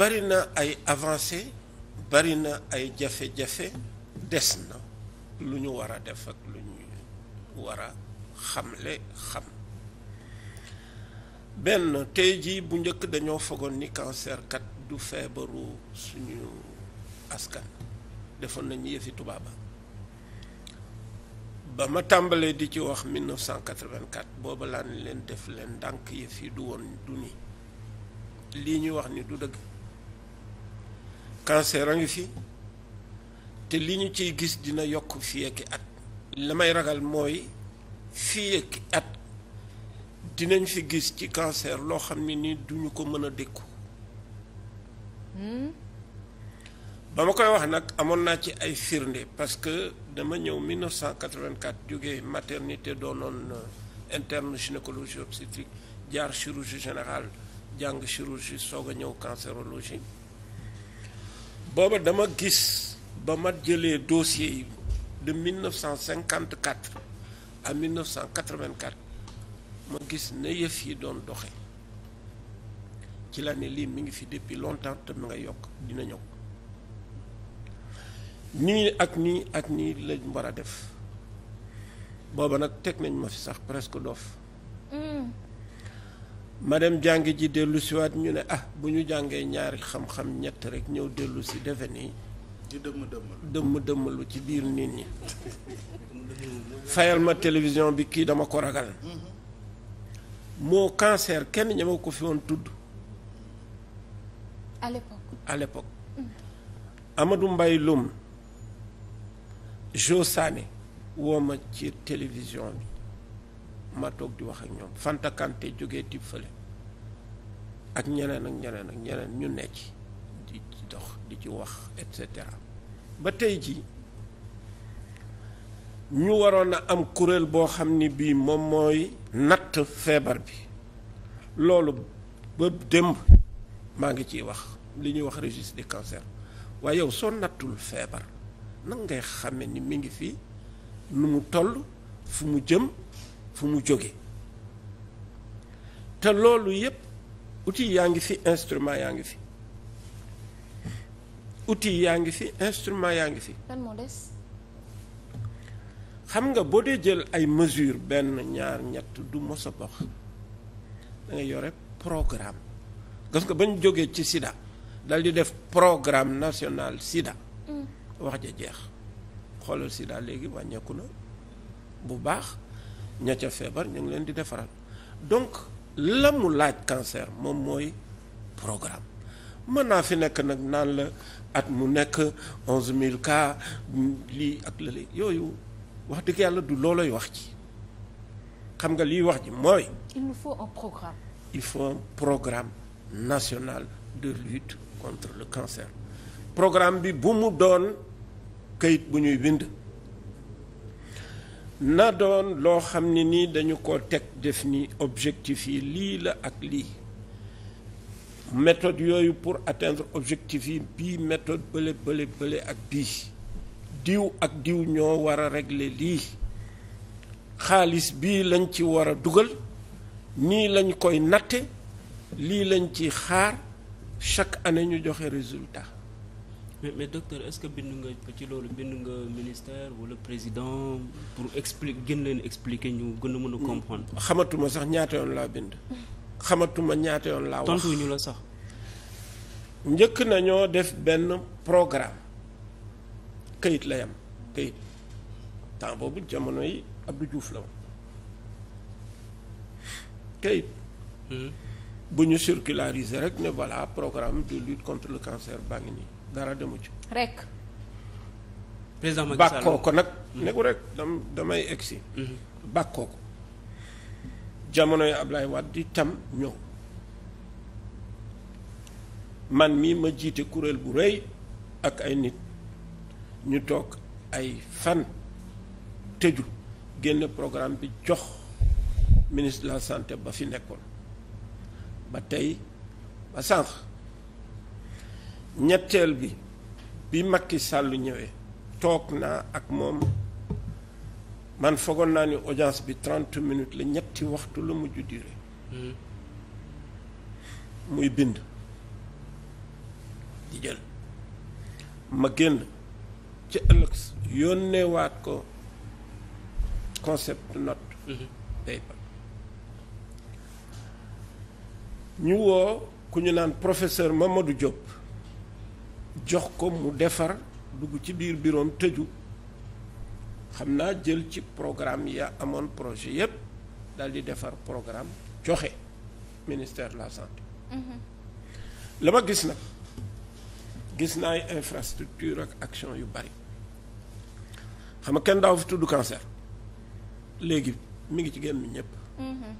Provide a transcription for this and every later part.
bari na ay avancé bari na ay jafe-jafe des na lu ñu war a def ak lu ñu war a xamle xam benn tey jii bu njëkk dañoo fogoon ni cancer kat du feebaru suñu askan defoon nañ yëfi tubaaba ba ma tàmbalee di ci wax 1984 booba laa leen def leen ndànk yëf yi du woon du lii ñuy wax ni du dëgg cancer a ngi fi te li ñu ciy gis dina yokk fii at la may ragal mooy fii ak at dinañ fi gis ci cancer loo xam ne ni duñu ko mën a dékku ba ma koy wax nag amoon naa ci ay firnde parce que dama ñëw 1984 jógee maternité doonoon euh, interne gynécologie obstétrique jaar chirurgie général jàng chirurgie soog a ñëw cancérologie booba dama gis ba ma jëlee dossier yi de 1954 à 1984 ma gis ne yëf yi doon doxe ci la ne lii mi ngi fi depuis longtemps te nga yokk dina ñëw nii ak nii ak nii lañ war a def booba nag teg nañ ma fi sax presque doof hmm. ma dem jàng ji dellu siwaat ñu ne ah bu ñu jàngee ñaari xam-xam ñett rek ñëw dellusi si defe nii dëmm dëmm dëmmalu ci biir nit ñi fayal ma télévision bi kii dama ko ragal moo cancer kenn ñama ko fi woon tudd à l'époque à l'époque mm. Amadou Mbaye woo ma ci télévision bi ma toog di wax ak ñoom Fanta Kanté jógee tib fële ak ñeneen ak ñeneen ak ñeneen ñu ne ci di ci dox di ci wax et ba tey ji ñu waroon a am kuréel boo xam ni bii moom mooy natt feebar bi loolu ba démb maa ngi ciy wax li ñuy wax registre des cancers waaye yow soo nattul feebar nag ngay xame ni mi ngi fii nu mu toll fu mu jëm fu mu jóge te loolu yépp outil yaa ngi fi instrument yaa ngi fi outil yaa ngi fi instrument yaa ngi fi. lan xam nga boo dee jël ay mesure benn ñaar ñett du mos a dox da nga yore programme parce que bañ jógee ci Sida dal di def programme national Sida. Mm. wax jeex xoolal Sida léegi wàññeeku na bu baax. ña ca feebar ñu ngi leen di defaral donc la mu laaj cancer moom mooy programme mën naa fi nekk nag naan la at mu nekk onze mille cas lii ak lële yooyu wax dëgg yàlla du looloy wax ci xam nga lii wax ji mooy. il nous faut programme. il faut un programme national de lutte contre le cancer programme bi bu mu doon kayit bu ñuy bind. na doon loo xam ne nii dañu ko teg def ni objectif yi lii la ak lii méthode yooyu pour atteindre objectif yi bii méthode bële bële bële ak bii diw ak diw ñoo war a régler lii xaalis bii lañ ci war a dugal nii lañ koy natte lii lañ ci xaar chaque année ñu joxe résultat mais mais docteur est-ce que bind nga ci loolu bind nga ministère wala président pour expliquer gën leen expliquer ñu gën a mën a comprendre. xamatuma sax ñaata yoon laa bind. xamatuma ñaate yoon laa wax tontu ñu la sax. njëkk nañoo def benn programme këyit la yam kayit temps boobu jamono yi Abdou la woon kayit. Hmm. bu ñu circulariser rek ne voilà programme de lutte contre le cancer baa ngi nii. dara demu ci. rek. président Macky Sall bàkkoo ko nag. nekkul rek damay egsi. Mhm. bàkkoo ko jamonoy Ablaye Wade di tam ñëw man mii ma jiite kuréel bu rëy ak ay nit ñu toog ay fan tëju génn programme bi jox ministre la santé ba fi nekkoon ba tey ba sànq. ñetteel bi bi Macky Sall ñëwee toog naa ak moom man fogoon naa ni audience bi trente minutes la ñetti waxtu la mujj duré hmm. muy bind ma génn ci ëllëg yónneewaat ko concept note hmm. ñu woo ku ñu naan professeur Mamadou Diop jox ko mu defar dugg ci biir biroom tëju xam naa jël ci programme ya amoon projet yépp daal di defar programme joxe ministère de la santé mhm. la ma gis nag gis naa ay infrastructure ak action yu bari xam nga kenn daaw fi tudd cancer léegi mu ngi ci génn ñëpp mhm.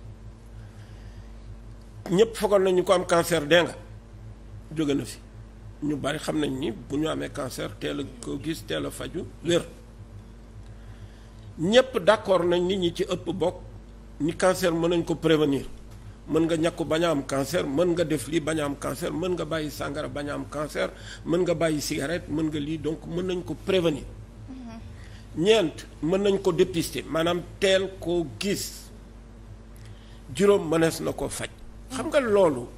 ñëpp foogoon nañu ko am cancer dee nga jóge na fi ñu bari xam nañ ni bu ñu amee cancer teel a ko gis teel a faju wér ñëpp d'accord nañ nit ñi ci ëpp bokk ni cancer mën nañ ko prévenir mën nga ñàkku bañ am cancer mën nga def lii bañ am cancer mën nga bàyyi sangara bañ am cancer mën nga bàyyi cigarette mën nga lii donc mën nañ ko prévenir mm-hmm. ñeent mën nañ ko dépister maanaam teel koo gis juróom mënees na ko faj xam nga loolu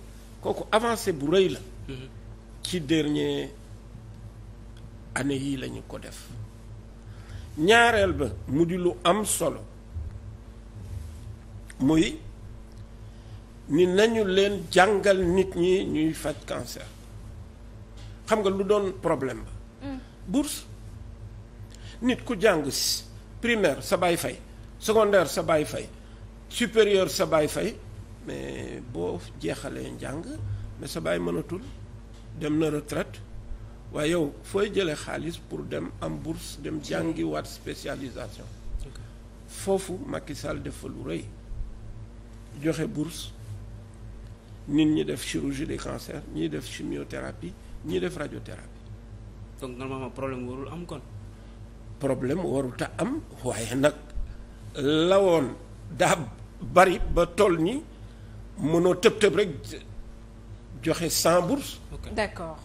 kooku avancé bu rëy la mm-hmm. ci dernier année yi lañu ko def ñaareel ba mu di lu am solo muy ni nañu leen jàngal nit ñi ñuy faj cancer xam nga lu doon problème ba mm. bourse nit ku jàng si primaire sa baay fay secondaire sa baay fay supérieur sa baay fay mais boo jeexalee njàng mais sa baay mënatul dem na retraite waaye yow fooy jëlee xaalis pour dem am bourse dem jàngi waat spécialisation foofu Macky Sall def fa lu rëy joxe bourse nit ñi def chirurgie des cancers ñi def chimiothérapie ñi def radiothérapie. donc normalement problème warul am kon. problème warut a am waaye nag lawoon daa bari ba toll ni mënoo tëb tëb rek. joxe 100 bourses. d'accord